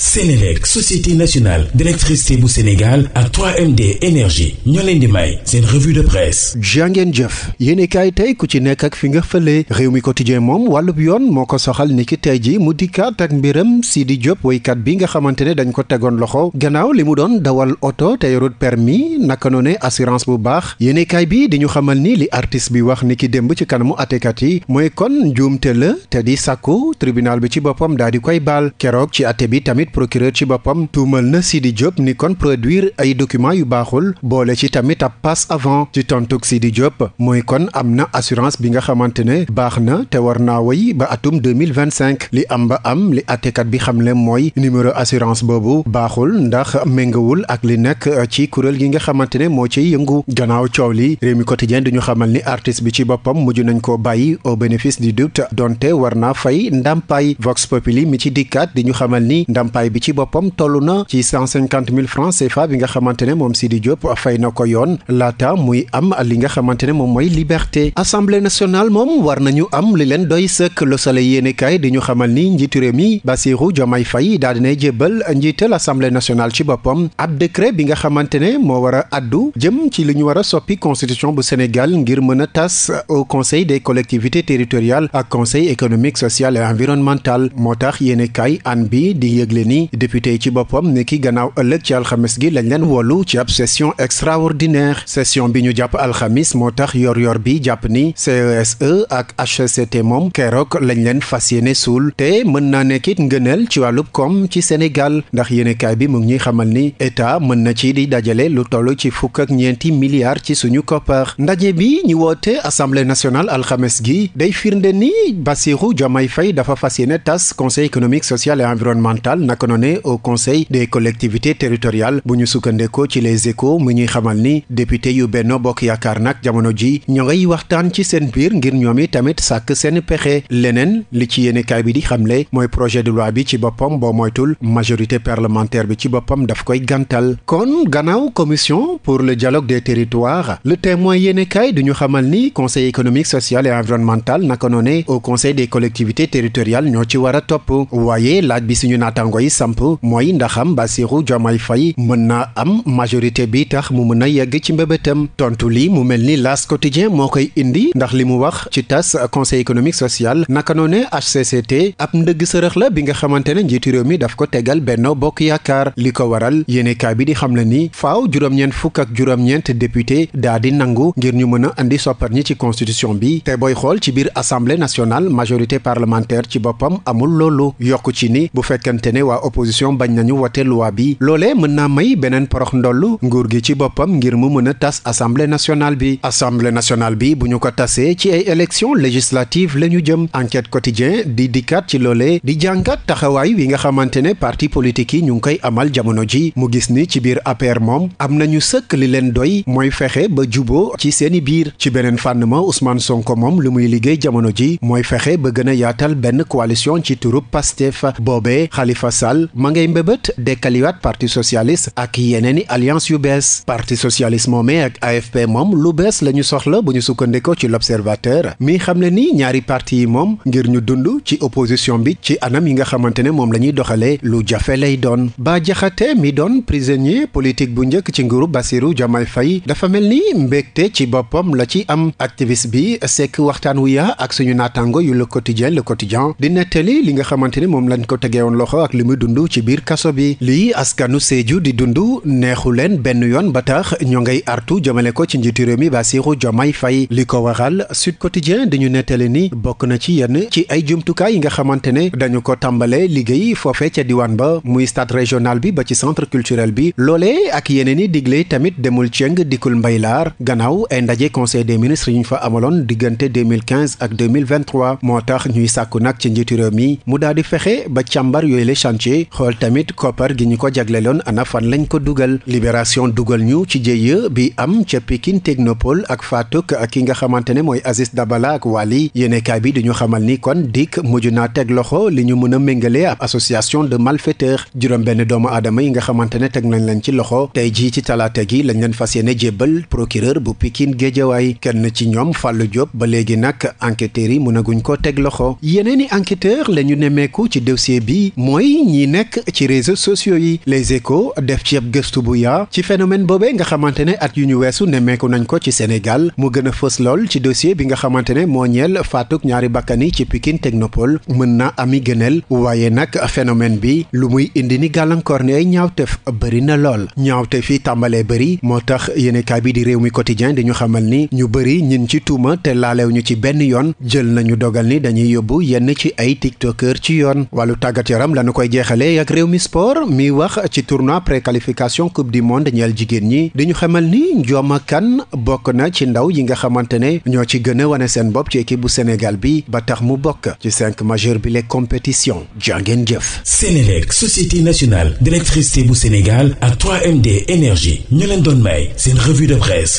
Sénélec société nationale d'électricité bu Sénégal ak 3MD énergie ñoo leen di may seen de presse jàngeen jëf yéeni kaay tey ku ci nekk ak fi nga fële réew mi quotidien moom wàllub yoon moo ko soxal ni ki tey ji mu dikkaat ak mbiram di Diop woykat bi nga xamante ne dañ ko tegoon loxo gannaaw li mu doon dawal oto te yorut permis naka noone assurance bu baax yéeni bi di ñu xamal ni li artiste bi wax ni ki démb ci kanamu atekat yi mooy kon njuumte la te di sàkku tribunal bi ci boppam daal di koy baal keroog ci atte bi tamit tamit procureur ci boppam tuumal na di Diop ni kon produire ay documents yu baaxul boole ci tamit ab passe avant ci tontug di Diop mooy kon am na assurance bi nga xamante ne baax na te war naa way ba atum 2025 li am ba am li attekat bi xam ne mooy numéro assurance boobu baaxul ndax méngawul ak li nekk euh, ci kuréel gi nga xamante ne moo ciy yëngu gannaaw coow li réew mi quotidien ñu xamal ni artiste bi ci boppam mujj nañ ko bàyyi au bénéfice du doute donte war naa fay ndàmpaay Vox Populi mi ci dikkaat di ñu xamal ndàmpaay bi ci boppam toll na ci cent cinquante mille francs CFA bi nga xamante ne moom Sidi Diop fay na ko yoon laata muy am li nga xamante ne moom mooy liberté assemblée nationale moom war nañu am li leen doy sëkk Le Soleil yéenekaay di ñu xamal ni njiitu réew mi Bassirou Diomaye Faye daal dinay jébbal njiital assemblée nationale ci boppam ab décret bi nga xamante ne moo war a addu jëm ci li ñu war a soppi constitution bu Sénégal ngir mën a tas au conseil des collectivités territoriales ak conseil économique social ni député yi ci boppam ni ki gannaaw ëllëg ci alxames gi lañ leen wolu ci ab session extraordinaire session bi ñu jàpp alxamis moo tax yor-yor bi jàpp ni CESE e ak HCCT moom keroog lañ leen fas yéene suul te mën naa nekkit ngëneel ci wàllu koom ci Sénégal ndax yéenekaay bi mu ñuy xamal ni état mën na ci di dajale lu toll ci fukk ak ñeenti milliards ci suñu koppar ndaje bi ñu woote assemblée nationale alxames gi day firnde ni Bassirou Diomaye Faye dafa fas yéene tas conseil social et canonné au conseil des collectivités territoriales bu ñu sukkandekoo ci les échos mu ñuy xamal ni député yu Benno Bokk Yaakaar nag jamono ji ñoo ngay waxtaan ci seen biir ngir ñoom i tamit sàkk seen pexe leneen li ci yéenekaay bi di xamle mooy projet de loi bi ci boppam boo moytul majorité parlementaire bi ci boppam daf koy gantal kon gannaaw commission pour le dialogue des territoires le témoin yéenekaay du ñu xamal ni conseil économique social et naka noone au conseil des collectivités territoriales ñoo ci war a topp waaye laaj bi suñu naataango yi di samp mooy ndaxam Bassirou Diomaye Faye mën naa am majorité bi tax mu mën a yegg ci mbébétam tontu lii mu mel ni L'As Quotidien moo koy indi ndax li mu wax ci tas conseil économique social naka noone HCCT ab ndëgg sërëx la bi nga xamante ne njiitu réew mi daf ko tegal benn Bokk Yaakaar li ko waral yéenekaay bi di xam le ni faw juróom-ñeent fukk ak juróom-ñeent député daa di nangu ngir ñu mën a andi soppar ñi ci constitution bi te booy xool ci biir assemblée nationale majorité parlementaire waa opposition bañ nañu wote loi bi loolee mën naa may beneen porox ndoll nguur gi ci boppam ngir mu mën a tas assemblée nationale bi assemblée nationale bi bu ñu ko tasee ci ay élections législatives la ñu jëm enquête quotidien di dikkaat ci loolee di jàngat taxawaay wi nga xamante ne parti politique yi ñu ngi koy amal jamono ji mu gis ni ci biir APR moom am nañu sëkk li leen doy mooy fexe ba juboo ci seeni biir ci beneen fànn ma Ousmane Sonko moom lu muy liggéey jamono ji mooy fexe ba gën a yaatal benn coalition ci Sall ma ngay mbébét dekkaliwaat parti socialiste ak yeneen yeneeni alliance yu bees parti socialiste moomee ak AFP moom lu bees la ñu soxla bu ñu sukkandikoo ci l'observateur mi xam ne ni ñaari parti yi moom ngir ñu dund ci opposition bi ci anam yi nga xamante ne moom la ñuy doxalee lu jafe lay doon ba jaxate mi doon prisonnier politique bu njëkk ci nguuru Bassirou Diomaye fay dafa mel ni mbégte ci boppam la ci am activiste bi sekk waxtaan wu ya ak suñu naataango yu le quotidien le quotidien di nettali li nga xamante ne moom lañ ko muy dund ci biir kaso bi lii askanu Sédhiou di dund neexu leen benn yoon ba tax ñoo ngay artu jëmale ko ci njiitu réew mi Bassirou Diomaye fay li ko waral Sud Quotidien dañu nettali ni bokk na ci yenn ci ay jumtukaay yi nga xamante ne dañu ko tàmbale liggéey foofe ca diwaan ba muy stade régional bi ba ci centre culturel bi loole ak yeneen yi digle tamit demul cëng dikkul mbay laar gannaaw ay ndaje conseil des ministres yi ñu fa amaloon diggante 2015 ak 2023 moo tax ñuy sàkku nag ci njiitu réew mi mu daal di fexe ba càmbar yooyu la ci xool tamit koppar gi ñu ko jagleloon ana fan lañ ko dugal libération dugal ñu ci jëye bi am ca Pikine Technopole ak Fatouk ak ki nga xamante ne mooy Aziz Dabala ak Wali yéenekaay bi duñu xamal ni kon dikk mujj naa teg loxo li ñu mën a méngale ab association de malfaiteurs juróom-benn doomu aadama yi nga xamante ne teg nañ leen ci loxo tey jii ci talaata gi lañ leen fas yéene jébbal procureur bu Pikine Géejawaay kenn ci ñoom Fallou Diop ba léegi nag enquêteurs yi mënaguñ ko teg loxo yeneen i enquêteur la ñu nemmeeku ci dossier bi mooy ñii nekk ci réseau sociaux yi les échos def ci ab gëstu bu yaa ci phénomène boobee nga xamante ne at yu ñu weesu nemmeeku nañ ko ci Sénégal mu gën a fës lool ci dossier bi nga xamante ne moo ñeel faatuk ñaari bakkan yi ci pikin Technopole mën na ami gëneel waaye nag phénomène bi lu muy indi ni gàllankoor ni ay ñaawtef bëri na lool ñaawtef yi tàmbalee bëri moo tax yéenekaay bi di réew mi quotidien dañu xamal ni ñu bëri ñin ci tuuma te laalew ñu ci benn yoon jël nañu dogal ni dañuy yóbbu yenn ci ay tiktokeur ci yoon wàllu tàggat yaram lañu jeexalee ak réew mi sport mi wax ci tournoi préqualification coupe du monde ñeel jigéen ñi di ñu xamal ni Ndioma Kane bokk na ci ndaw yi nga xamante ne ñoo ci gën a wane seen bopp ci équipe bu Sénégal bi ba tax mu bokk ci cinq majeur bi les compétitions jàngeen jëf. Sénélec société nationale d'électricité bu Sénégal ak 3MD énergie ñu leen doon may seen revue de presse.